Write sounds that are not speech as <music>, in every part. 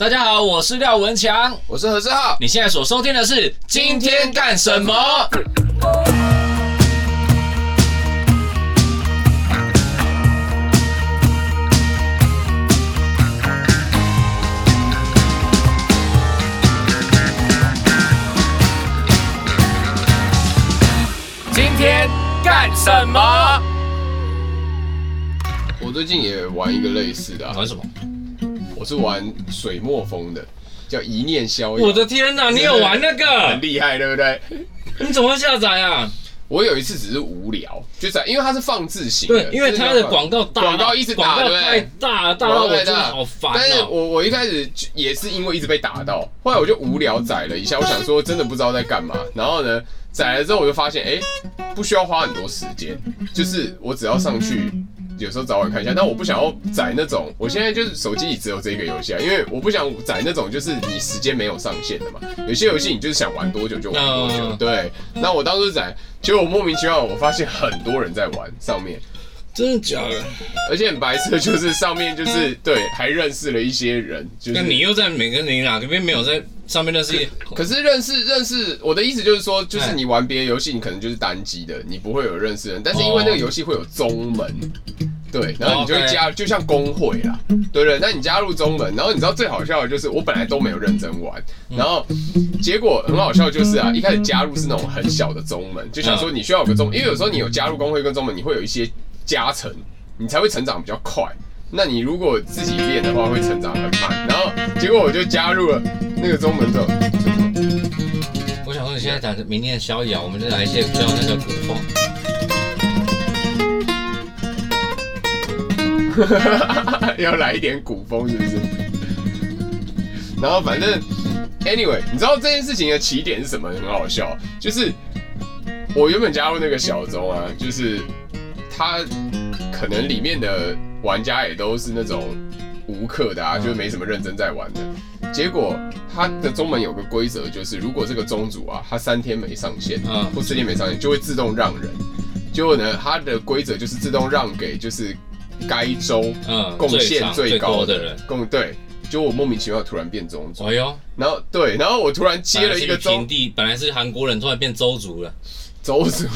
大家好，我是廖文強，我是何志浩。你現在所收聽的是《今天幹什麼》。今天幹什麼？我最近也玩一個類似的，啊，玩什麼？我是玩水墨風的，叫一念逍遙。我的天哪、啊，你有玩那個？ <laughs> 很厲害，對不對？你怎麼會下載啊？我有一次只是無聊，就載，因為它是放置型的。對，因為它的廣告大，廣告一直打，太大了，大了大到我真的好煩、喔。但是我我一開始也是因為一直被打到，後來我就無聊載了一下，我想說真的不知道在幹嘛。然後呢，載了之後我就發現，哎、欸，不需要花很多時間，就是我只要上去。有時候早晚看一下，但我不想要載那種。我現在就是手機裡只有這個遊戲啊，因為我不想載那種，就是你時間沒有上限的嘛。有些遊戲你就是想玩多久就玩多久。Oh, oh, oh. 對，那我當時載，結果我莫名其妙我發現很多人在玩上面，真的假的？ <laughs> 而且很白色，就是上面就是對，還認識了一些人。那你又在每個你哪邊沒有在上面認識？可是認識認識，我的意思就是說，就是你玩別的遊戲，你可能就是單機的，你不會有認識人。但是因為那個遊戲會有宗門，對，然後你就會加，就像公會啦，對對。那你加入宗門，然後你知道最好笑的就是，我本來都沒有認真玩，然後結果很好笑就是啊，一開始加入是那種很小的宗門，就想說你需要有個宗，因為有時候你有加入公會跟宗門，你會有一些。加成，你才會成長比較快。那你如果自己練的話，會成長很慢。然後結果我就加入了那個中門之後，我想說你現在講明天的逍遙，我們就來一些那叫那個古風， <laughs> 要來一點古風是不是？ <laughs> 然後反正，anyway，你知道這件事情的起點是什麼？很好笑，就是我原本加入那個小鐘啊，就是。他可能裡面的玩家也都是那種無氪的啊，嗯、就沒什麼認真在玩的。嗯、結果他的宗門有個規則，就是如果這個宗主啊，他三天沒上線，嗯，或四天沒上線，就會自動讓人。是結果呢，他的規則就是自動讓給就是該州貢獻最高的、嗯、最多的人。貢，對，就我莫名其妙突然變宗主。哎呦，然後對，然後我突然接了一個宗平地，本來是韓國人，突然變州族了。州族。 <laughs>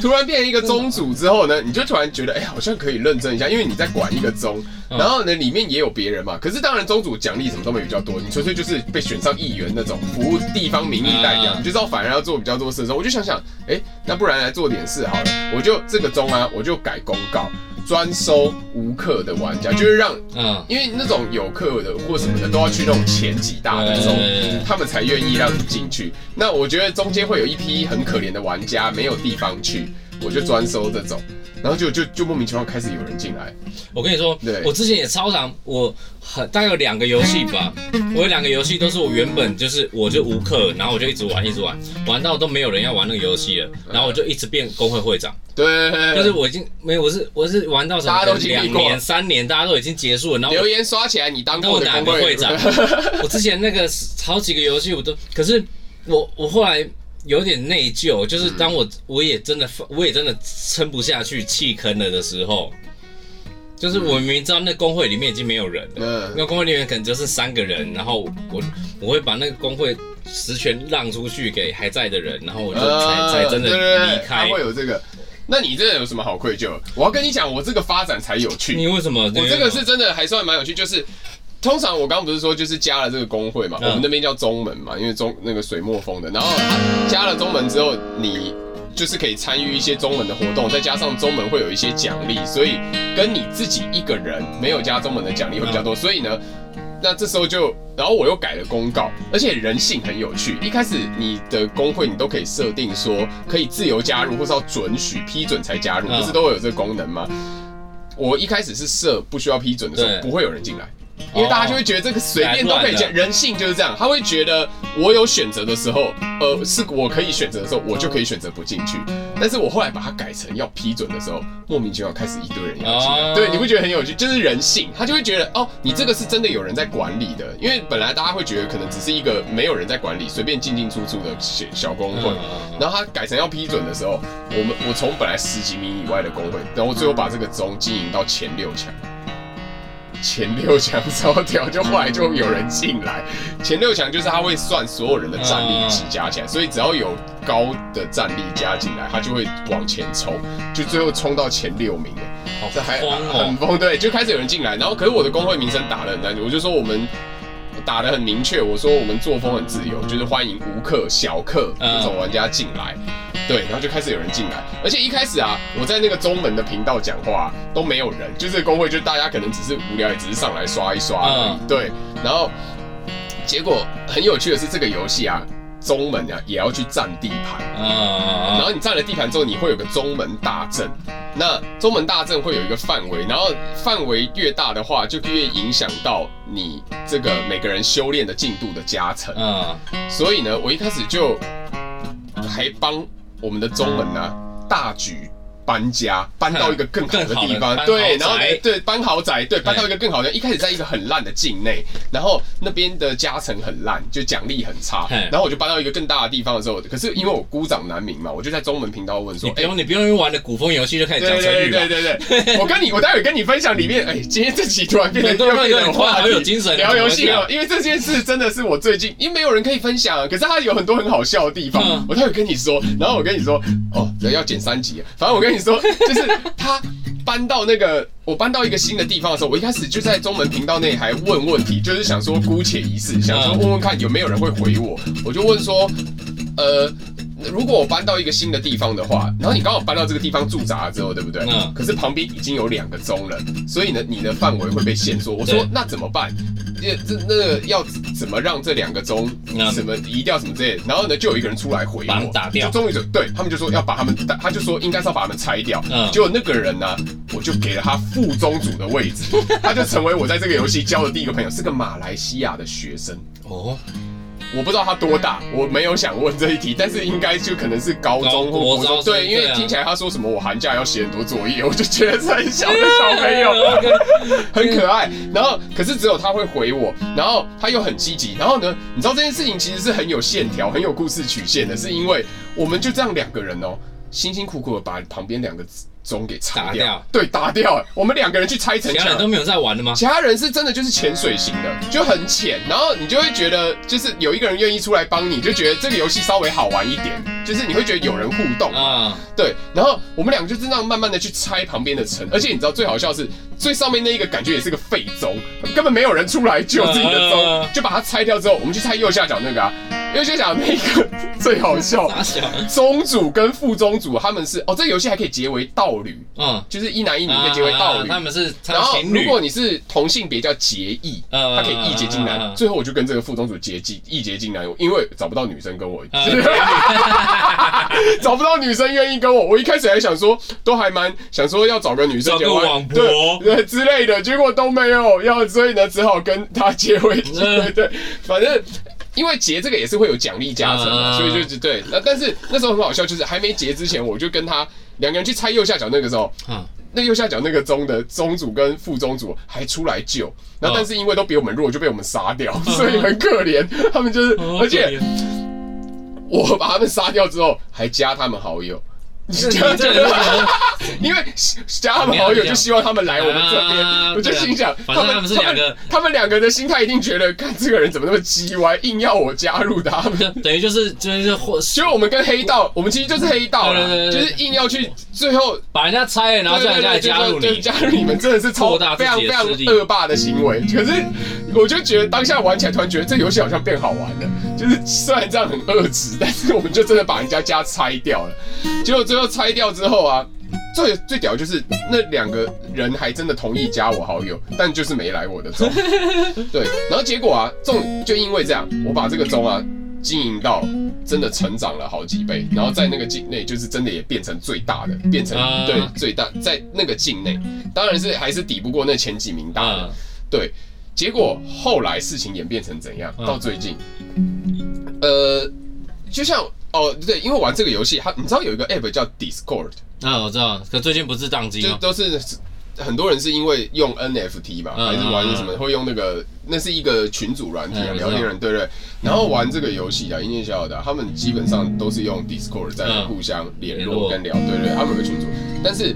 突然變成一個宗主之後呢，你就突然覺得，哎、欸，好像可以認真一下，因為你在管一個宗，然後呢，裡面也有別人嘛。可是當然宗主獎勵什麼都沒有比較多，你純粹就是被選上議員那種，服務地方民意代表，你就知道反而要做比較多事的時候，我就想想，哎、欸，那不然來做點事好了，我就這個宗啊，我就改公告。專收無課的玩家，就是讓，嗯、因為那種有課的或什麼的，都要去那種前幾大的，那種，他們才願意讓你進去。那我覺得中間會有一批很可憐的玩家，沒有地方去，我就專收這種。然後就就就莫名其妙開始有人進來。我跟你說，我之前也超常，我很大概有兩個遊戲吧，我有兩個遊戲都是我原本就是我就無課，然後我就一直玩一直玩，玩到都沒有人要玩那個遊戲了，然後我就一直變工會會長。對，但是我已經沒有，我是我是玩到什麼兩年三年大家都已經結束了，然後留言刷起來你當過哪個會長？我之前那個好幾個遊戲我都，可是我我後來。有點內疚，就是當我我也真的我也真的撐不下去棄坑了的時候，就是我明，明知道那公會裡面已經沒有人了，嗯、那公會裡面可能就是三個人，然後我我會把那個公會實權讓出去給還在的人，然後我就才、嗯、才，才真的離開，還、嗯、會有這個。那你這有什麼好愧疚？我要跟你講，我這個發展才有趣。你為什麼？我這個是真的還算蠻有趣，就是。通常我剛剛不是說就是加了這個工會嘛，我們那邊叫宗門嘛，因為宗，那個水墨風的，然後加了宗門之後，你就是可以參與一些宗門的活動，再加上宗門會有一些獎勵，所以跟你自己一個人沒有加宗門的獎勵會比較多，所以呢，那這時候就，然後我又改了公告，而且人性很有趣，一開始你的工會你都可以設定說可以自由加入或是要准許批准才加入，不是都會有這個功能嗎？我一開始是設不需要批准的時候，不會有人進來。因為大家就會覺得這個隨便都可以進，人性就是這樣。他會覺得我有選擇的時候，呃，是我可以選擇的時候，我就可以選擇不進去。但是我後來把它改成要批准的時候，莫名其妙開始一堆人要進。對，你會覺得很有趣，就是人性，他就會覺得哦，你這個是真的有人在管理的。因為本來大家會覺得可能只是一個沒有人在管理，隨便進進出出的小小工會。然後他改成要批准的時候，我們我從本來十幾名以外的工會，然後最後把這個中經營到前六強。前六強抽掉，就後來就有人進來。前六強就是他會算所有人的戰力值加起來，所以只要有高的戰力加進來，他就會往前衝，就最後衝到前六名。哎、哦，這還、啊、很瘋，對，就開始有人進來。然後，可是我的工會名聲打了很，我就說我們。打得很明確，我說我們作風很自由，嗯、就是歡迎無課、小課這種玩家進來，uh oh. 對，然後就開始有人進來，而且一開始啊，我在那個中文的頻道講話、啊、都沒有人，就是公會，就大家可能只是無聊，也只是上來刷一刷而已，uh oh. 對，然後結果很有趣的是這個遊戲啊。宗門啊，也要去占地盤啊。然後你占了地盤之後，你會有個宗門大陣。那宗門大陣會有一個範圍，然後範圍越大的話，就越影響到你這個每個人修煉的進度的加成。所以呢，我一開始就還幫我們的宗門呢、啊、大局。搬家搬到一個更好的地方，對，然後對搬豪宅，對搬到一個更好的。一開始在一個很爛的境內，然後那邊的加成很爛，就獎勵很差。然後我就搬到一個更大的地方的時候，可是因為我孤掌難鳴嘛，我就在中文頻道問說，哎，你不用玩的古風遊戲就開始講成語了。對對對，我跟你，我待會跟你分享裡面。哎，今天這集突然變得都有話，都有精神聊遊戲啊。因為這件事真的是我最近，因為沒有人可以分享，可是它有很多很好笑的地方，我待會跟你說。然後我跟你說，哦，要剪三集，反正我跟。跟你說，就是他搬到那個， <laughs> 我搬到一個新的地方的時候，我一開始就在中文頻道內還問問題，就是想說姑且一試，想說問問看有沒有人會回我。我就問說，呃，如果我搬到一個新的地方的話，然後你剛好搬到這個地方駐紮之後，對不對？嗯。可是旁邊已經有兩個鐘了，所以呢，你的範圍會被限縮。我說那怎麼辦？嗯這那個、要怎麼讓這兩個鐘什麼移掉什麼之類，然後呢就有一個人出來回我，打掉就終於就對他們就說要把他們，他就說應該是要把他們拆掉。嗯、結果那個人呢，我就給了他副宗主的位置， <laughs> 他就成為我在這個遊戲交的第一個朋友，是個馬來西亞的學生。哦。我不知道他多大，嗯、我沒有想問這一題，但是應該就可能是高中高。或高中高高中高中對，因為聽起來他說什麼，我寒假要寫很多作業，我就覺得是很小的小朋友，啊、okay, 很可愛。然後，可是只有他會回我，然後他又很積極。然後呢，你知道這件事情其實是很有線條、很有故事曲線的，嗯、是因為我們就這樣兩個人哦，辛辛苦苦的把旁邊兩個字。鐘給拆掉，掉對，打掉了。我們兩個人去拆城牆，其他人都沒有在玩的嗎？其他人是真的就是潛水型的，uh、就很淺，然後你就會覺得就是有一個人願意出來幫你，就覺得這個遊戲稍微好玩一點，就是你會覺得有人互動，嗯、uh，對。然後我們兩個就是那樣慢慢的去拆旁邊的城，而且你知道最好笑的是最上面那一個感覺也是個廢鐘，根本沒有人出來救自己的鐘，uh、就把它拆掉之後，我們去拆右下角那個啊。因為就想那個最好笑，宗主跟副宗主他們是哦，這個遊戲還可以結為道侶，嗯，就是一男一女可以結為道侶，他們是。然後如果你是同性別叫結義，他可以義結金蘭。最後我就跟這個副宗主結義，義結金蘭，因為找不到女生跟我，找不到女生願意跟我。我一開始還想說，都還蠻想說要找個女生結婚，對之類的，結果都沒有要，所以呢只好跟他結為對對，反正。因為結這個也是會有獎勵加成的，所以就是對。那但是那時候很好笑，就是還沒結之前，我就跟他兩個人去拆右下角，那個時候，那右下角那個宗的宗主跟副宗主還出來救，那但是因為都比我們弱，就被我們殺掉，所以很可憐。他們就是，而且我把他們殺掉之後，還加他們好友。你覺得就 <laughs> 因為加他們好友就希望他們來我們這邊，我就心想，他們他們他們兩個的心態一定覺得，看這個人怎麼那麼嘰歪，硬要我加入他們，等於就是就是就是，就是因為我們跟黑道，我，我們其實就是黑道，對對對對，就是硬要去最後把人家拆了，然後再來加入你，對對對，就就加入你們，真的是超大的非常非常惡霸的行為，可是我就覺得當下玩起來，突然覺得這遊戲好像變好玩了。就是雖然這樣很惡質，但是我們就真的把人家家拆掉了。結果最後拆掉之後啊，最最屌就是那兩個人還真的同意加我好友，但就是沒來我的鐘。對，然後結果啊，中就因為這樣，我把這個鐘啊經營到真的成長了好幾倍，然後在那個境內就是真的也變成最大的，變成對最大在那個境內，當然是還是抵不過那前幾名大的，對。結果後來事情演變成怎樣？嗯、到最近，嗯、呃，就像哦，對，因為玩這個遊戲，他你知道有一個 app 叫 Discord，啊、嗯，我知道。可最近不是當機了，就都是很多人是因為用 NFT 吧，嗯、還是玩什麼、嗯嗯嗯、會用那個？那是一個群組軟件，嗯、聊天軟件，嗯、對，對對。然後玩這個遊戲的音樂小小的、啊，他們基本上都是用 Discord 在互相聯絡跟聊，嗯、對，對對，他們的群組。嗯、但是。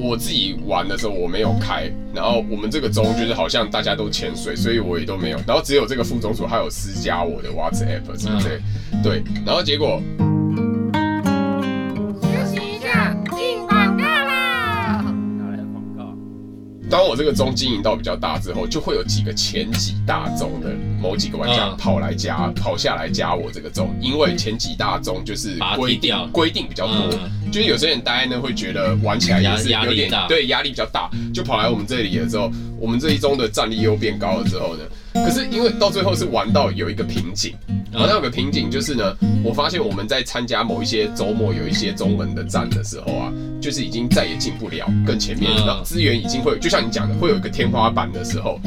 我自己玩的時候，我沒有開，然後我們這個群就是好像大家都潛水，所以我也都沒有，然後只有這個副群主他有私加我的 WhatsApp，、嗯、對，然後結果。當我這個中經營到比較大之後，就會有幾個前幾大宗的某幾個玩家跑來加，嗯、跑下來加我這個中。因為前幾大宗就是規定規定比較多，嗯、就是有些人大家呢會覺得玩起來也是有點壓對壓力比較大，就跑來我們這裡的時候，我們這一宗的戰力又變高了之後呢，可是因為到最後是玩到有一個瓶頸，好像、嗯、有一個瓶頸就是呢，我發現我們在參加某一些周末有一些中文的戰的時候啊。就是已經再也進不了更前面，然後資源已經會有，就像你講的，會有一個天花板的時候。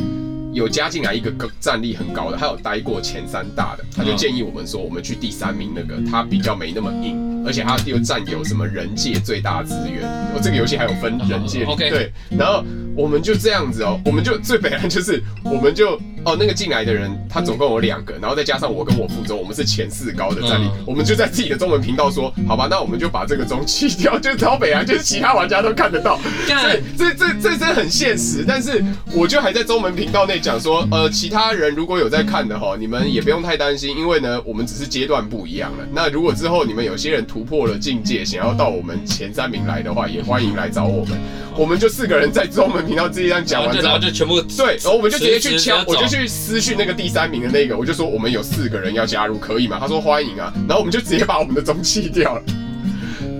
有加進來一個，個戰力很高的，他有待過前三大的，他就建議我們說，我們去第三名那個，他比較沒那麼硬，而且他又佔有什麼人界最大資源。哦，這個遊戲還有分人界 Okay. 對。然後我們就這樣子哦，我們就最本來就是，我們就。哦，那個進來的人他總共有兩個，然後再加上我跟我副總，我們是前四高的戰力，嗯、我們就在自己的中文頻道說，好吧，那我們就把這個鐘切掉，就朝、是、北啊，就是其他玩家都看得到，幹 這這這這真很現實。嗯、但是我就還在中文頻道內講說，呃，其他人如果有在看的哈，你們也不用太擔心，因為呢，我們只是階段不一樣了。那如果之後你們有些人突破了境界，想要到我們前三名來的話，嗯、也歡迎來找我們，嗯、我們就四個人在中文頻道自己這一段講完之、嗯、後，就全部對，然後我們就直接去敲，直接直接我就。去私訊那個第三名的那個，我就說我們有四個人要加入，可以嗎？他說歡迎啊，然後我們就直接把我們的中棄掉了。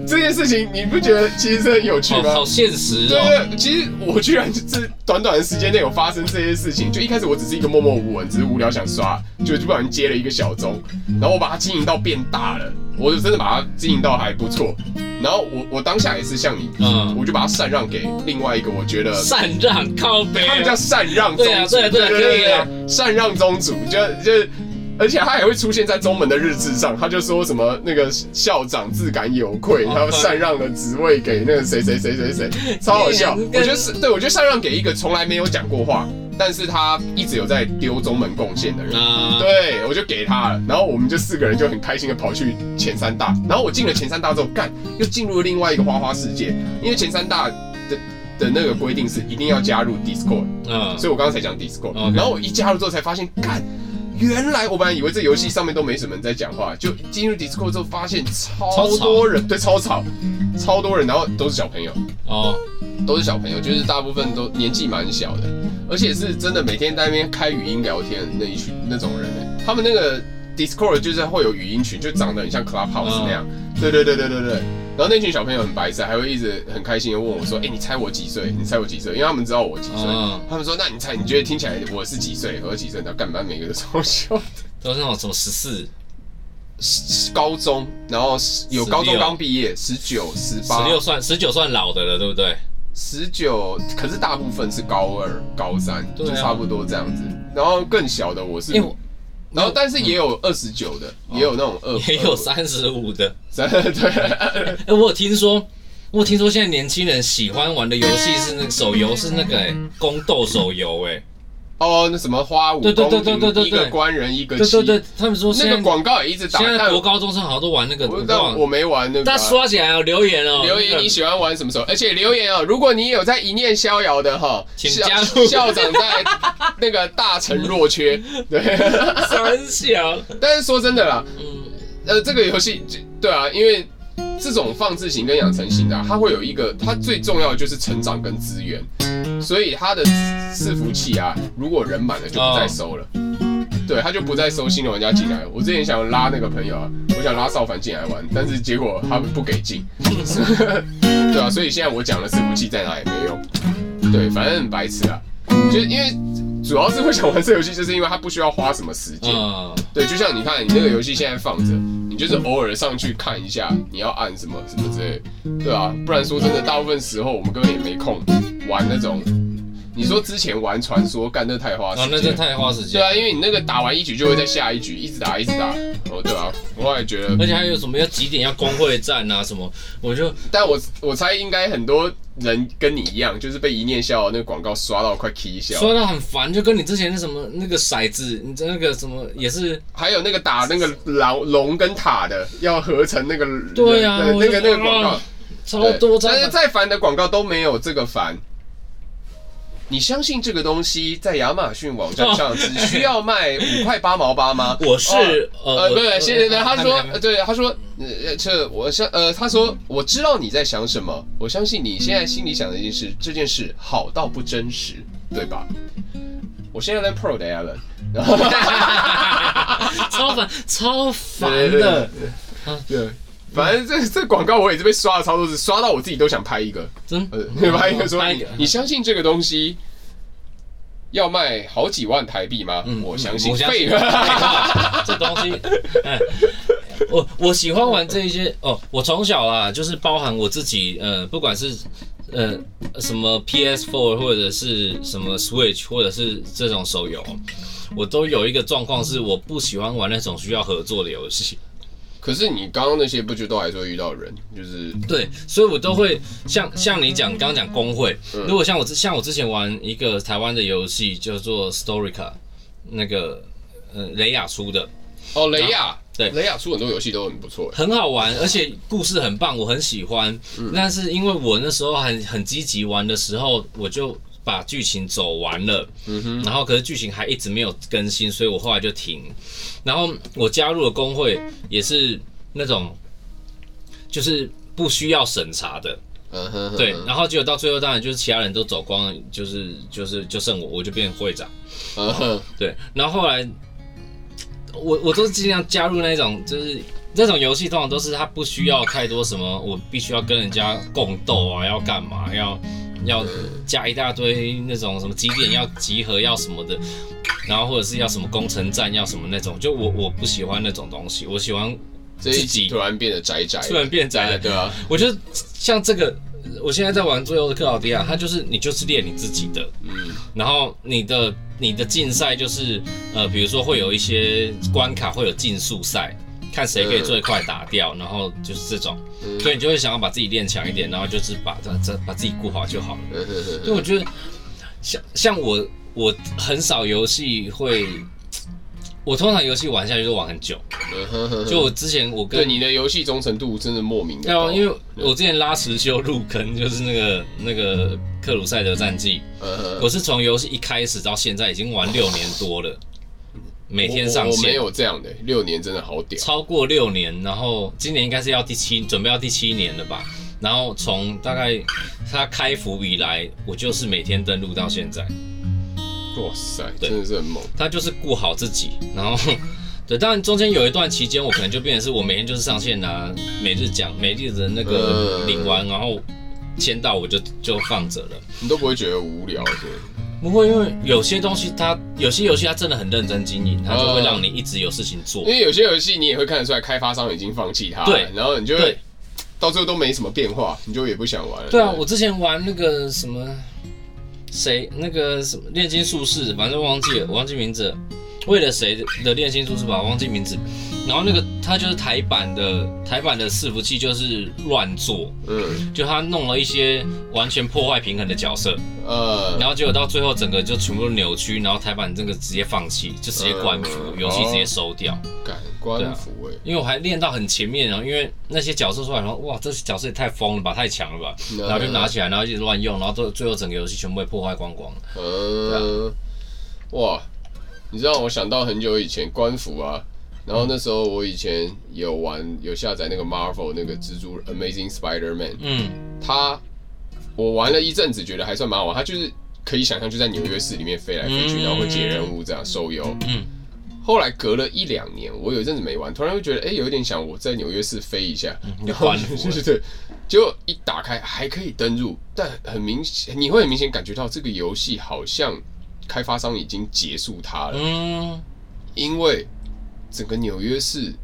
這件事情你不覺得其實很有趣嗎？哦、好現實哦對對！其實我居然在短短的時間內有發生這些事情。就一開始我只是一個默默無聞，只是無聊想刷，就就不小心接了一個小宗，然後我把它經營到變大了，我就真的把它經營到還不錯。然後我我當下也是像你，嗯，我就把它禪讓給另外一個我覺得禪讓靠北。他們叫禪讓宗對、啊，對啊對啊對啊，就是禪讓宗主，就就。而且他還會出現在宗門的日志上，他就說什麼那個校長自感有愧，他禪讓了職位給那個誰誰誰誰誰，超好笑。我覺得是對，我就禪讓給一個從來沒有講過話，但是他一直有在丟宗門貢獻的人，uh、對，我就給他了。然後我們這四個人就很開心的跑去前三大，然後我進了前三大之後，幹，又進入了另外一個花花世界。因為前三大的的，的那個規定是一定要加入 Discord，、uh、所以我剛剛才講 Discord。Okay. 然後我一加入之後才發現，幹。原來我本來以為這遊戲上面都沒什麼人在講話，就進入 Discord 之後發現超多人，超吵，對，超吵，超多人，然後都是小朋友哦，都是小朋友，就是大部分都年紀蠻小的，而且是真的每天在那邊開語音聊天那一群那種人、欸，他們那個 Discord 就是會有語音群，就長得很像 Clubhouse 那樣，哦、對對對對對對。然後那群小朋友很白色，還會一直很開心的問我說：“哎、 <laughs> 欸，你猜我幾歲？你猜我幾歲？”因為他們知道我幾歲，哦、他們說：“那你猜，你覺得聽起來我是幾歲？我是幾歲？”然後幹嘛？每個都超小的都是那種什麼十四、十高中，然後有高中剛畢業，十九 16, 19, 18,、十八就算十九算老的了，對不對？十九，可是大部分是高二、高三，對啊、就差不多這樣子。然後更小的，我是因為。然後，但是也有二十九的，嗯、也有那種二，也有三十五的。 <laughs> 對了，誒 <laughs> 我有聽說，我有聽說現在年輕人喜歡玩的遊戲是那個手遊，是那個欸、宮鬥手遊、欸，誒。哦，那什麼花舞，對對對對對對，一個官人一個雞，對對對，他們說那個廣告也一直打。現在多高中生好像都玩那個，我知道我沒玩那。但刷起來哦，留言哦，留言你喜歡玩什麼手遊？而且留言哦，如果你有在一念逍遙的哈，請加校長在那個大成若缺，對三小。但是說真的啦，嗯，呃，這個遊戲對啊，因為。這種放置型跟養成型的啊，它會有一個，它最重要的就是成長跟資源，所以它的伺服器啊，如果人滿了就不再收了，oh. 對，它就不再收新的玩家進來。我之前想拉那個朋友啊，我想拉少凡進來玩，但是結果他不給進， <laughs> 對啊，所以現在我講的伺服器在哪也沒用，對，反正很白痴啊，就因為。主要是會想玩這遊戲，就是因為它不需要花什麼時間。對，就像你看，你那個遊戲現在放着，你就是偶爾上去看一下，你要按什麼什麼之類。對啊，不然說真的，大部分時候我們根本也沒空玩那種。你說之前玩傳說幹這太花時間，這太花時間。對啊，因為你那個打完一局就會再下一局，一直打，一直打。對啊，我也覺得，而且還有什麼要幾點要公會戰啊什麼？ <laughs> 我就，但我我猜應該很多人跟你一樣，就是被一念笑的那個廣告刷到快氣笑了，刷到很煩，就跟你之前那什麼那個骰子，你那個什麼也是，還有那個打那個老龍跟塔的要合成那個，對啊，呃、那個那個廣告超多，對但是再煩的廣告都沒有這個煩。你相信這個東西在亞馬遜網站上只需要賣五塊八毛八嗎？我是呃，對，謝謝。他說，對，他說，呃，這我相呃，他說，我知道你在想什麼。我相信你現在心裡想的一件事，這件事好到不真實，對吧？我現在在 Pro 的 Alan，然後超煩，超煩的，對。反正這這廣告我也是被刷的超多次，刷到我自己都想拍一個，真呃，拍一個說你拍一個，你相信這個東西要賣好幾萬台幣嗎？嗯、我相信我相信 <laughs> 這東西。呃、我我喜歡玩這一些哦，我從小啊就是包含我自己，呃，不管是呃什麼 PS Four 或者是什麼 Switch 或者是這種手遊，我都有一個狀況是我不喜歡玩那種需要合作的遊戲。可是你剛剛那些不就都還是會遇到人？就是對，所以我都會像像你講，你剛剛講工會。嗯、如果像我像我之前玩一個台灣的遊戲叫做 Storica，那個嗯、呃，雷亞出的。哦，雷亞對，雷亞出很多遊戲都很不錯，很好玩，而且故事很棒，我很喜歡。嗯、但是因為我那時候很很積極玩的時候，我就。把劇情走完了，嗯、哼然後可是劇情還一直沒有更新，所以我後來就停。然後我加入了工會，也是那種就是不需要審查的，啊、呵呵對。然後結果到最後，當然就是其他人都走光了，就是就是就剩我，我就變成會長，啊呵啊、對。然後後來我我都是盡量加入那種，就是那種遊戲通常都是它不需要太多什麼，我必須要跟人家共鬥啊，要幹嘛要。要加一大堆那種什麼幾點要集合要什麼的，然後或者是要什麼攻城戰要什麼那種，就我我不喜歡那種東西，我喜歡自己突然變得宅宅，突然變宅了，對啊，我覺得像這個，我現在在玩最後的克勞迪亞，它就是你就是練你自己的，嗯，然後你的你的競賽就是呃，比如說會有一些關卡會有競速賽。看誰可以最快打掉，嗯、然後就是這種，嗯、所以你就會想要把自己練強一點，嗯、然後就是把這這、嗯、把，把自己顧好就好了。嗯嗯嗯、所以我覺得像像我我很少遊戲會，我通常遊戲玩下去就玩很久。嗯嗯嗯嗯、就我之前我跟對你的遊戲忠誠度真的莫名的。對啊、嗯，後因為我之前拉時修入坑就是那個那個《克魯賽德戰記》嗯，嗯嗯、我是從遊戲一開始到現在已經玩六年多了。每天上線我，我沒有這樣的，六年真的好屌。超過六年，然後今年應該是要第七，準備要第七年了吧。然後從大概他開服以來，我就是每天登錄到現在。哇塞，對真的是很猛。他就是顧好自己，然後對，但中間有一段期間，我可能就變成是我每天就是上線啊，每日獎、每日的那個領完，嗯、然後簽到我就就放着了。你都不會覺得無聊對。不會，因為有些東西它有些遊戲它真的很認真經營，它就會讓你一直有事情做、嗯。因為有些遊戲你也會看得出來，開發商已經放棄它了。對，然後你就會，對。到最後都沒什麼變化，你就也不想玩了。對啊，對。我之前玩那個什麼，誰那個什麼煉金術士，反正忘記了，我忘記了，我忘記名字了。為了誰的煉金術士吧，忘記名字。然後那個他就是台版的台版的，伺服器就是亂做，嗯，就他弄了一些完全破壞平衡的角色，嗯，然後結果到最後整個就全部扭曲，然後台版這個直接放棄，就直接關服，嗯、遊戲直接收掉，改關服、欸啊、因為我還練到很前面，然後因為那些角色出來，然後哇，這些角色也太瘋了吧，太強了吧，然後就拿起來，然後就是亂用，然後最後整個遊戲全部被破壞光光，嗯，啊、哇，你知道我想到很久以前官服啊。然後那時候我以前有玩，有下載那個 Marvel 那個蜘蛛 Amazing Spider-Man，嗯，他我玩了一陣子，覺得還算蠻好玩，他就是可以想象，就在紐約市裡面飛來飛去，嗯、然後會接任務，這樣收油。嗯，後來隔了一兩年，我有一陣子沒玩，突然就覺得哎、欸，有一點想我在紐約市飛一下。你關了。對對對。結果一打開還可以登入，但很明顯，你會很明顯感覺到這個遊戲好像開發商已經結束它了。嗯，因為。整個紐約市。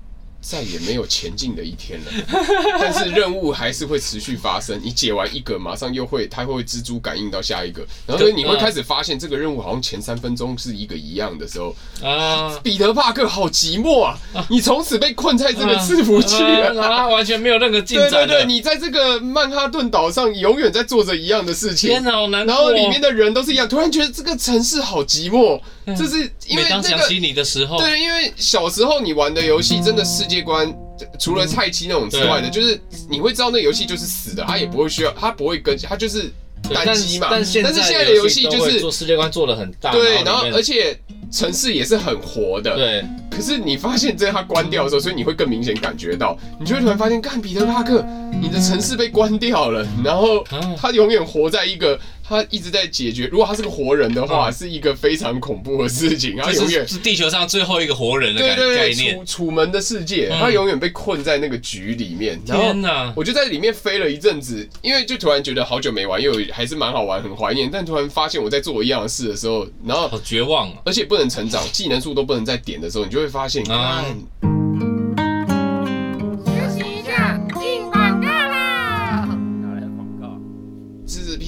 再也沒有前進的一天了， <laughs> 但是任務還是會持續發生。你解完一個，馬上又會，它會蜘蛛感應到下一個，然後你會開始發現這個任務好像前三分鐘是一個一樣的時候啊。啊彼得帕克好寂寞啊！啊你從此被困在這個伺服器啊，啊，啊，啊，完全沒有任何進展。對對對，你在這個曼哈頓島上永遠在做着一樣的事情。天好難過。然後裡面的人都是一樣，突然覺得這個城市好寂寞，嗯、這是因為、這個、每當想起你的時候，對，因為小時候你玩的遊戲真的是。嗯世界觀除了菜雞那種之外的，嗯、就是你會知道那遊戲就是死的，對它也不會需要，它不會更新，它就是單機嘛。但是現在的遊戲就是世界觀做的很大，對，然後而且城市也是很活的，對。可是你發現，在它關掉的時候，所以你會更明顯感覺到，你就會突然發現，幹彼得拉克，你的城市被關掉了，嗯、然後它永遠活在一個。他一直在解決，如果他是個活人的話，嗯、是一個非常恐怖的事情。是他永遠是地球上最後一個活人的概念，對對對，楚楚門的世界，嗯、他永遠被困在那個局裡面。天哪！然後我就在裡面飛了一陣子，哪因為就突然覺得好久沒玩，又還是蠻好玩，很懷念。但突然發現我在做一樣的事的時候，然後好絕望、啊，而且不能成長，技能數都不能再點的時候，你就會發現、嗯、啊。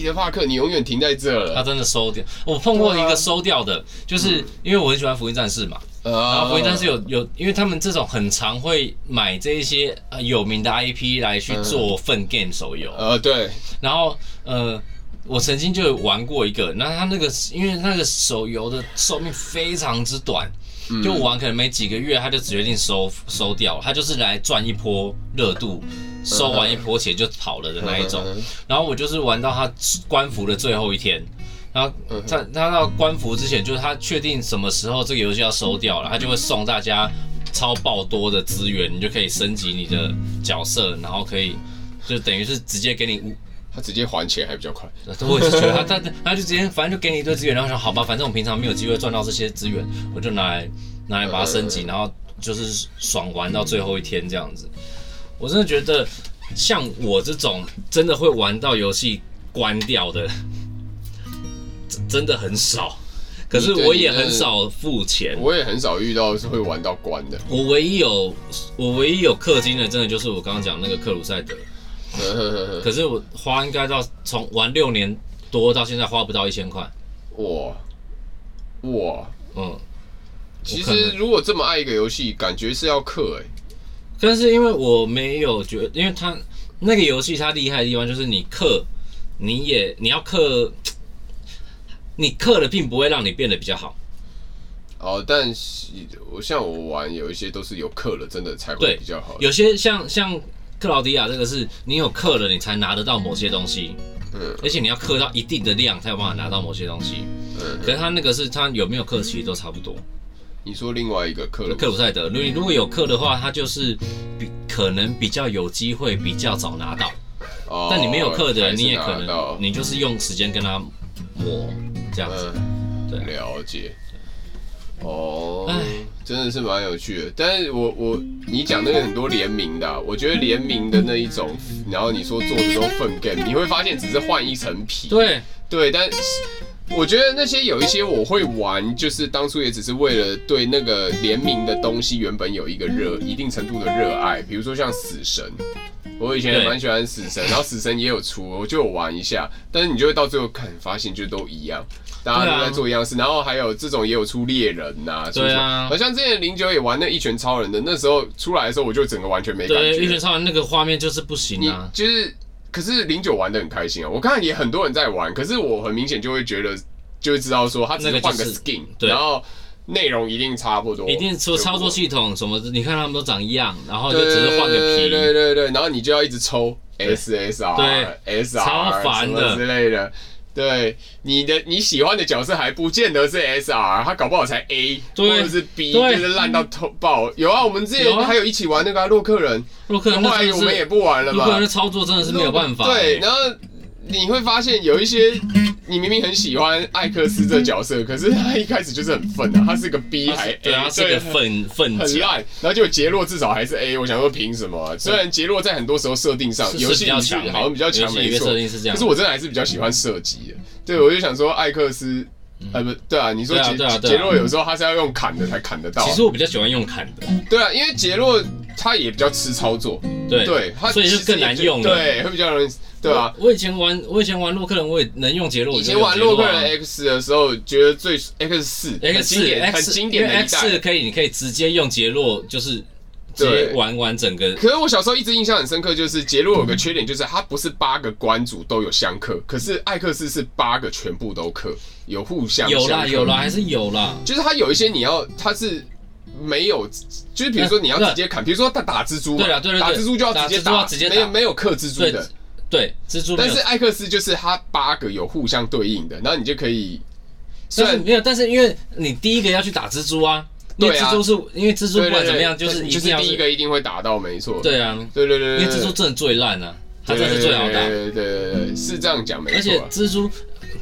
傑帕克，你永遠停在這了。他真的收掉。我碰過一個收掉的，就是因為我很喜歡《福音戰士》嘛，然後《福音戰士》有有，因為他們這種很常會買這一些有名的 IP 來去做份 game 手遊。呃，對。然後呃，我曾經就玩過一個，那他那個因為那個手遊的壽命非常之短。就玩可能沒幾個月，他就決定收收掉了，他就是來賺一波熱度，收完一波錢就跑了的那一種。然後我就是玩到他官服的最後一天，然後他他到官服之前，就是他確定什麼時候這個遊戲要收掉了，他就會送大家超爆多的資源，你就可以升級你的角色，然後可以就等於是直接給你他直接還錢還比較快。 <laughs> 我也是覺得他他他就直接反正就給你一堆資源，然後想好吧，反正我平常沒有機會賺到這些資源，我就拿來拿來把它升級，嗯、然後就是爽玩到最後一天這樣子。我真的覺得像我這種真的會玩到遊戲關掉的，真的很少。可是我也很少付錢，我也很少遇到是會玩到關的。我唯一有我唯一有氪金的，真的就是我剛剛講那個克魯賽德。 <laughs> 可是我花應該到從玩六年多到現在花不到一千塊，哇哇嗯，其實看如果這麼愛一個遊戲，感覺是要氪哎、欸，但是因為我沒有覺得，因為他那個遊戲它厲害的地方就是你氪，你也你要氪，你氪了並不會讓你變得比較好。哦，但是我像我玩有一些都是有氪了，真的才會比較好。有些像像。克勞迪亞，這個是你有課了，你才拿得到某些東西。嗯、而且你要課到一定的量，才有辦法拿到某些東西。嗯嗯、可是他那個是，他有沒有課其實都差不多。你說另外一個克？的，克魯賽德，如果如果有課的話，他就是比可能比較有機會，比較早拿到。嗯、但你沒有課的，你也可能你就是用時間跟他磨、嗯嗯、這樣子。對了解。哦。真的是蠻有趣的，但是我我你講那個很多聯名的、啊，我覺得聯名的那一種，然後你說做的都候 game 你會發現只是換一層皮。對對，但是我覺得那些有一些我會玩，就是當初也只是為了對那個聯名的東西原本有一個熱一定程度的熱愛，比如說像死神。我以前也蠻喜歡死神，對然後死神也有出， <laughs> 我就有玩一下。但是你就會到最後看，發現就都一樣，大家都在做一樣事。啊、然後還有這種也有出獵人吶、啊，對啊什麼。好像之前零九也玩那一拳超人的，那時候出來的時候，我就整個完全沒感覺。對，一拳超人那個畫面就是不行啊。就是，可是零九玩的很開心啊。我看也很多人在玩，可是我很明顯就會覺得，就會知道說他只是換個 skin，個、就是、對然後。內容一定差不多，一定說操作系統什麼，你看他們都長一樣，然後就只是換個皮，對對對，然後你就要一直抽 S S R，對 S R 超煩的之類的，對你的你喜歡的角色還不見得是 S R，他搞不好才 A，或者是 B，但是爛到頭爆。有啊，我們之前還有一起玩那個洛克人，洛克人後來我們也不玩了嘛，洛克人的操作真的是沒有辦法。對，然後。你會發現有一些，你明明很喜歡艾克斯這角色，可是他一開始就是很糞啊，他是個 B 還是 A，對啊，是個糞糞之愛，然後結果傑洛至少還是 A。我想說憑什麼？雖然傑洛在很多時候設定上，遊戲裡好像比較強，沒錯，設定是這樣，可是我真的還是比較喜歡射擊的。對，我就想說艾克斯，呃，不對啊，你說傑傑洛有時候他是要用砍的才砍得到，其實我比較喜歡用砍的。對啊，因為傑洛他也比較吃操作，對對，所以是更難用的，對，會比較容易。對啊，我以前玩我以前玩洛克人我也能用傑洛。以前玩洛克人 X 的時候，覺得最 X 四，X 四經典的 X 四可以，你可以直接用傑洛，就是直接玩完整個。可是我小時候一直印象很深刻，就是傑洛有個缺點，就是它不是八個關主都有相克，可是艾克斯是八個全部都克，有互相。有啦有啦，還是有啦。就是它有一些你要，它是沒有，就是比如說你要直接砍，比如說他打蜘蛛，對啊對啊，打蜘蛛就要直接打，沒有沒沒有克蜘蛛的。對蜘蛛沒，但是艾克斯就是他八個有互相對應的，然後你就可以，雖然沒有，但是因為你第一個要去打蜘蛛啊，對啊，因為蜘蛛是因為蜘蛛不管怎麼樣就是一定要對對對，你就是第一個一定會打到沒，沒錯，對啊，對對，對對對，因為蜘蛛真的最爛了、啊，他真的是最好打，對對，對對對，是這樣講沒錯、啊，嗯沒啊、而且蜘蛛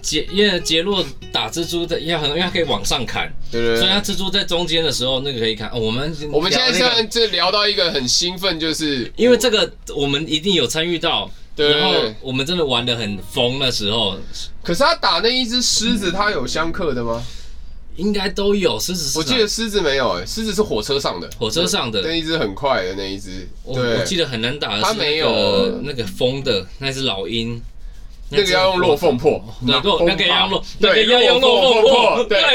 杰因為杰洛打蜘蛛的，因為可以往上砍，對，對對，所以他蜘蛛在中間的時候那個可以砍，喔、我們、那個、我們現在現在這聊到一個很興奮，就是因為這個我們一定有參與到。然後我們真的玩得很瘋的時候，可是他打那一只獅子，他有相克的嗎？應該都有獅子。我記得獅子沒有哎，獅子是火車上的，火車上的那一只很快的那一只，對，我記得很難打。他沒有那個瘋的那只老鷹，那個要用落鳳破，對，那個要用落，對。要用落鳳破，對，對。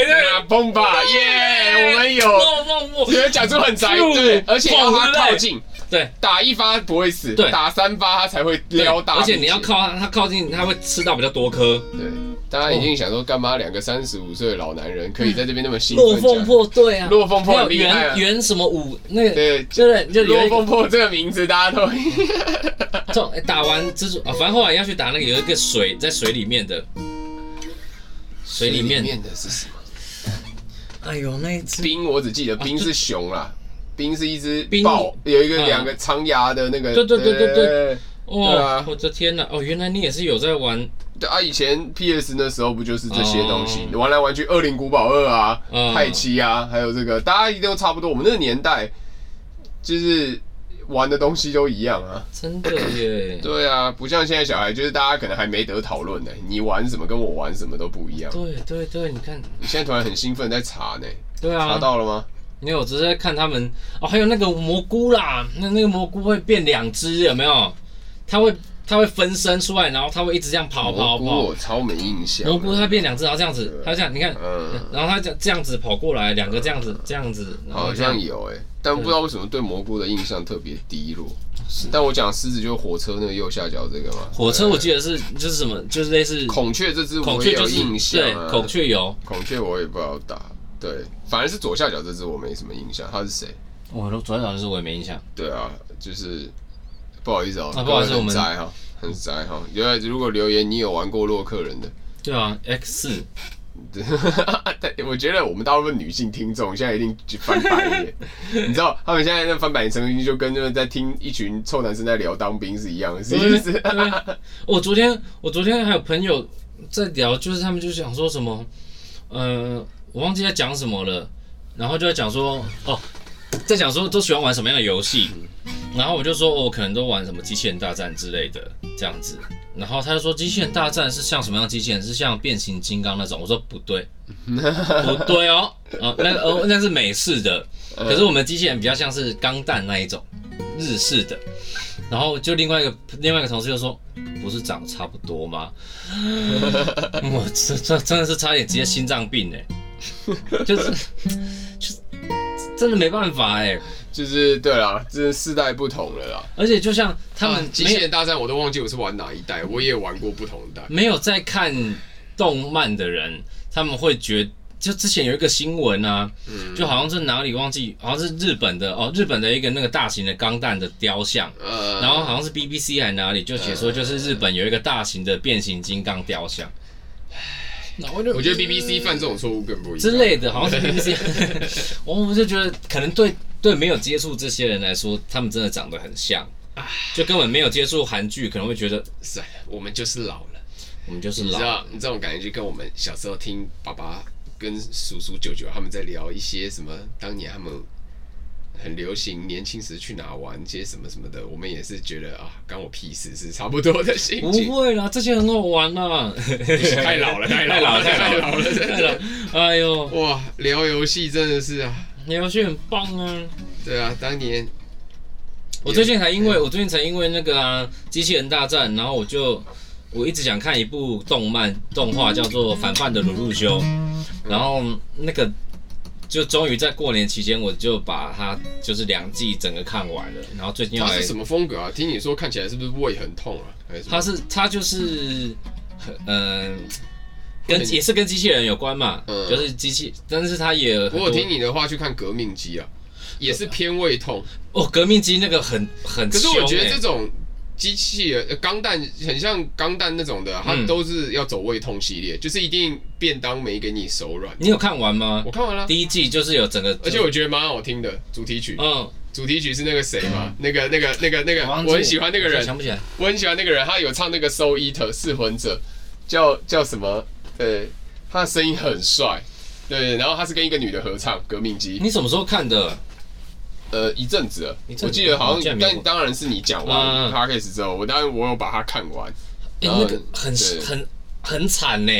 崩吧，耶，我們有，落鳳破我覺得講出很宅，對，而且要他靠近。對，打一發不會死，對，打三發他才會撩大。而且你要靠他，他靠近他會吃到比較多顆。對，大家已經想說幹嘛兩個三十五歲的老男人可以在這邊那麼興奮？哦」「落鳳破，對啊，落鳳破厲害啊元、啊、什麼五那個？對，對，對，對，就是就落鳳破這個名字大家都、欸。哈哈哈打完蜘蛛啊，反正後來要去打那個有一個水在水裡面的。水裡面的，水裡面的是什麼？哎呦，那一次冰我只記得冰是熊啦。啊冰是一隻兵。啊、有一個兩個長牙的那個，對對對對對，對對對哦、對啊，我的天吶、啊，哦，原來你也是有在玩。對啊，以前 P S 那時候不就是這些東西。哦、玩來玩去，《惡靈古堡二》啊，哦，《太七》啊，還有這個，大家一定都差不多，我們那個年代，就是玩的東西都一樣啊，真的耶， <coughs> 對啊，不像現在小孩，就是大家可能還沒得討論呢、欸，你玩什麼，跟我玩什麼都不一樣。對對對，你看，你現在突然很興奮在查呢、欸，對啊，查到了嗎？沒有，只是在看他們哦、喔，還有那個蘑菇啦，那那個蘑菇會變兩隻，有沒有？它會它會分身出來，然後它會一直這樣跑跑跑。蘑菇我超沒印象。蘑菇它變兩隻，然後這樣子，是的 它這樣你看，嗯、然後它這樣這樣子跑過來，兩個這樣子、嗯、這樣子。好像這樣有誒、欸，但不知道為什麼對蘑菇的印象特別低落。是的 但我講獅子就是火車那個右下角這個嘛。火車我記得是就是什麼，就是類似孔雀這隻孔雀的印象、啊、就是對，孔雀有。孔雀我也不知道打。對，反而是左下角這只我沒什麼印象，他是誰？我說左下角這只我也沒印象。對啊，就是不好意思哦，我們很宅哈、喔，嗯、很宅哈、喔。原來如果留言你有玩過洛克人的，對啊，X。 <laughs> 對，我覺得我們大部分女性聽眾現在一定翻白眼， <laughs> 你知道他們現在那翻白眼聲音就跟那個在聽一群臭男生在聊當兵是一樣的，是不是？ <laughs> 我昨天我昨天還有朋友在聊，就是他們就想說什麼，呃。我忘記在講什麼了，然後就在講說哦，在講說都喜歡玩什麼樣的遊戲，然後我就說我、哦、可能都玩什麼機器人大戰之類的這樣子，然後他就說機器人大戰是像什麼樣的機器人？是像變形金剛那種？我說不對，不對哦，啊、嗯，那哦那是美式的，可是我們機器人比較像是鋼彈那一種日式的，然後就另外一個另外一個同事就說不是長得差不多嗎？嗯、我這這真的是差點直接心臟病哎、欸。 <laughs> 就是，就是真的沒辦法哎、欸，就是對啊，就是世代不同了啦。而且就像他們機器人、嗯、大戰，我都忘記我是玩哪一代，我也玩過不同的代。沒有在看動漫的人，他們會覺，就之前有一個新聞啊，嗯、就好像是哪裡忘記，好像是日本的哦，日本的一個那個大型的鋼彈的雕像，嗯、然後好像是 BBC 還是哪裡，就解說就是日本有一個大型的變形金剛雕像。然後就我覺得 BBC 犯這種錯誤更不一樣之類的，好像 BBC 我 <laughs> 我就覺得可能對對沒有接觸這些人來說，他們真的長得很像，就根本沒有接觸韓劇，可能會覺得，是，我們就是老了，我們就是老了，你知道你這種感覺就跟我們小時候聽爸爸跟叔叔舅舅他們在聊一些什麼，當年他們。很流行，年輕時去哪玩，接什麼什麼的，我們也是覺得啊，關我屁事，是差不多的心情。不會啦，這些很好玩啦， <laughs> 太老了，太老了，太老了，太老了，真的。哎呦，哇，聊遊戲真的是啊，聊遊戲很棒啊。對啊，當年我最近才因為，嗯、我最近才因為那個啊，機器人大戰，然後我就我一直想看一部動漫動畫，叫做《反叛的魯路修》，嗯、然後那個。就終於在過年期間，我就把它就是兩季整個看完了。然後最近又來、它是什麼風格啊？聽你說看起來是不是胃很痛啊？是它是它就是，嗯，嗯跟也是跟機器人有關嘛，嗯、就是機器，但是它也。如果聽你的話去看《革命機》啊，也是偏胃痛、嗯、哦，《革命機》那個很很、欸。可是我覺得這種。機器人鋼彈很像鋼彈那種的，它都是要走胃痛系列，嗯、就是一定便當沒給你手軟。你有看完嗎？我看完了，第一季就是有整個，而且我覺得蠻好聽的主題曲。嗯，主題曲是那個誰嘛？嗯、那個、那個、那個、那個，我很喜歡那個人，我，我很喜歡那個人，他有唱那個《Soul Eater》噬魂者，叫叫什麼？呃，他的聲音很帥，對。然後他是跟一個女的合唱，革命機。你什麼時候看的？呃，一陣子，我記得好像，但當然是你講完他 o d 之後，我當然我有把它看完，很很很慘呢，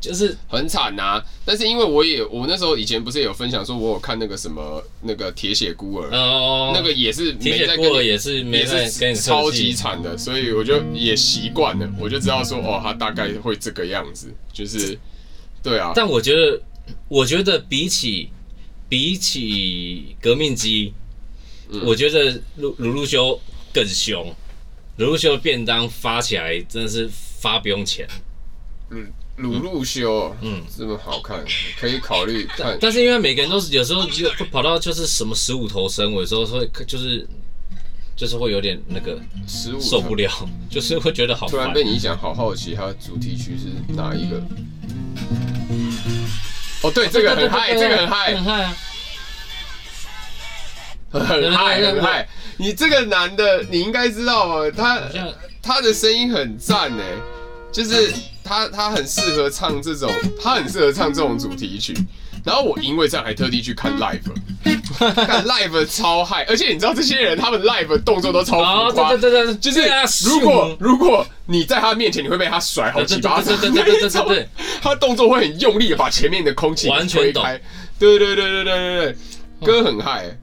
就是很慘啊。但是因為我也我那時候以前不是有分享說，我有看那個什麼那個鐵血孤兒，那個也是鐵血孤兒也是沒是超級慘的，所以我就也習慣了，我就知道說，哦，他大概會這個樣子，就是對啊。但我覺得我覺得比起比起革命機。嗯、我覺得魯魯修更兇，魯魯修便當發起來真的是發不用錢。魯魯修，嗯，是不是好看，嗯、可以考慮，但但是因為每個人都是有時候就跑到就是什麼十五頭身，我有時候會就是就是會有點那個受不了， <laughs> 就是會覺得好。突然被你一講，好好奇他的主題曲是哪一個？嗯、哦，對，這個很嗨，這個很嗨，很嗨、啊。很嗨很嗨，你這個男的你應該知道哦，他他的聲音很讚哎，就是他他很適合唱這種，他很適合唱這種主題曲。然後我因為這樣還特地去看 live，看 live 超嗨，而且你知道這些人他們 live 動作都超浮誇，對對對對，就是如果如果你在他面前，你會被他甩好幾巴掌，對對他動作會很用力的把前面的空氣完全推開，對對對對對對對，歌很嗨。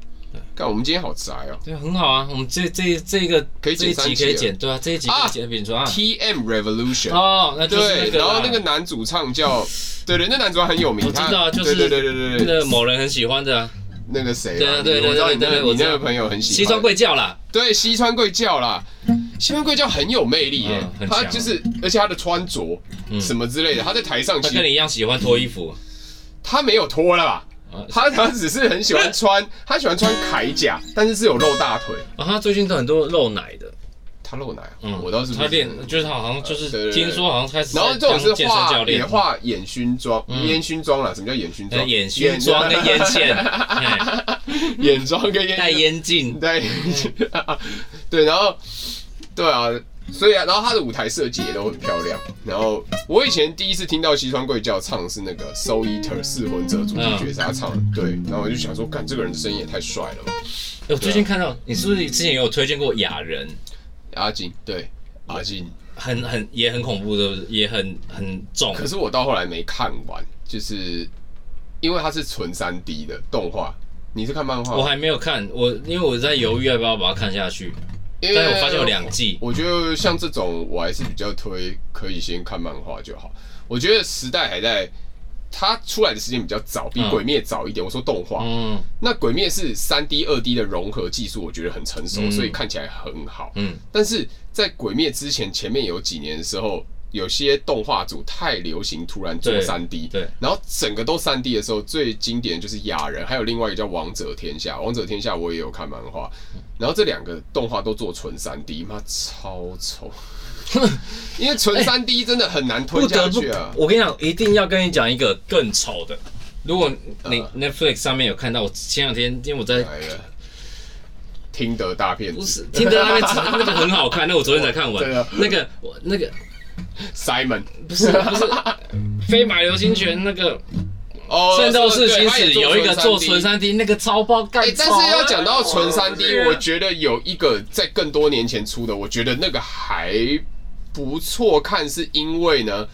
但我們今天好宅哦，對，很好啊，我們這這這個可以這一集，可以剪，對啊，這一集可以剪啊，T M Revolution，哦，那就那然後那個男主唱叫，對對，那男主很有名，我知道，就是對對對對對，那個某人很喜歡的，那個誰，對啊，對對，你那個你那個朋友很喜歡，西川貴教啦，對，西川貴教啦，西川貴教很有魅力耶，他就是，而且他的穿着什麼之類的，他在台上其實跟你一樣喜歡脫衣服，他沒有脫了啦。他他只是很喜歡穿，他喜歡穿鎧甲，但是是有露大腿啊。他最近都很多露奶的，他露奶？嗯，我倒是他練，就是好像就是聽說好像開始。然後這種是健身教練也畫煙燻妝，煙燻妝啊？什麼叫煙燻妝？眼妝跟眼線，眼妝跟煙，戴煙鏡，戴眼鏡，對，然後對啊。所以啊，然後他的舞台設計也都很漂亮。然後我以前第一次聽到西川貴教唱的是那個《Soul Eater》噬魂者主題曲，他唱對，然後我就想說，看這個人的聲音也太帥了我、哦啊、最近看到你是不是之前有推薦過亞人、阿金、啊？對，阿金、啊、很很也很恐怖，是不是也很很重。可是我到後來沒看完，就是因為它是純三 D 的動畫。你是看漫畫？我還沒有看，我因為我在猶豫要不要把它看下去。但是我發現有兩季、欸，我，我覺得像這種我還是比較推，可以先看漫畫就好。我覺得時代還在，它出來的時間比較早，比鬼滅早一點。嗯、我說動畫，那鬼滅是三 D、二 D 的融合技術，我覺得很成熟，嗯、所以看起來很好。嗯，但是在鬼滅之前，前面有幾年的時候。有些動畫組太流行，突然做三 D，對，對，然後整個都三 D 的時候，最經典的就是《亞人》，還有另外一個叫王者天下《王者天下》。《王者天下》我也有看漫畫，然後這兩個動畫都做純三 D，媽超醜！ <laughs> 因為純三 D 真的很難推下去啊！欸、我跟你講，一定要跟你講一個更醜的。如果你 Netflix 上面有看到，我前兩天因為我在、哎、呀聽得大片，不是聽得大片， <laughs> 那個很好看，那個，我昨天才看完，那個我那個。那個 Simon 不是不是，飛 <laughs> 馬流星拳那個哦，聖鬥士星矢有一個做純三 D，那個超爆蓋。但是要講到純三 D，我覺得有一個在更多年前出的，我覺得那個還不錯看，是因為呢，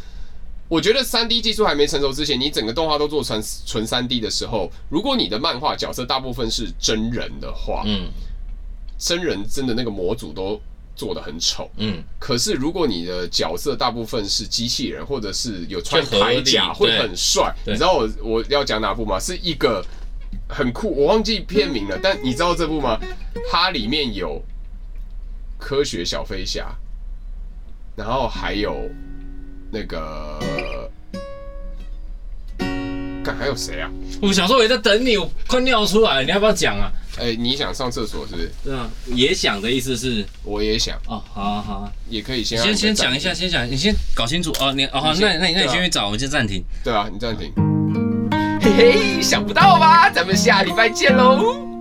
我覺得三 D 技術還沒成熟之前，你整個動畫都做成純三 D 的時候，如果你的漫畫角色大部分是真人的話，嗯，真人真的那個模組都。做得很醜，嗯，可是如果你的角色大部分是機器人，或者是有穿鎧甲、啊，會很帥。對你知道我我要講哪部嗎？是一個很酷，我忘記片名了，但你知道這部嗎？它裡面有科學小飛俠，然後還有那個，幹還有誰啊？我小時候也在等你，我快尿出來了，你要不要講啊？哎、欸，你想上廁所是不是？對啊，也想的意思是？我也想。哦，好啊好啊，好啊也可以先先講一下，先講，你先搞清楚哦，你哦，那先那你那你先去找，啊、我先暫停。對啊，你暫停。嘿嘿好，hey, 想不到吧？ <laughs> 咱們下禮拜見嘍。